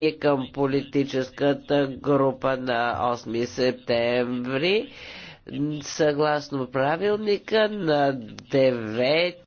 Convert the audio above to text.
и към политическата група на 8 септември. Съгласно правилника на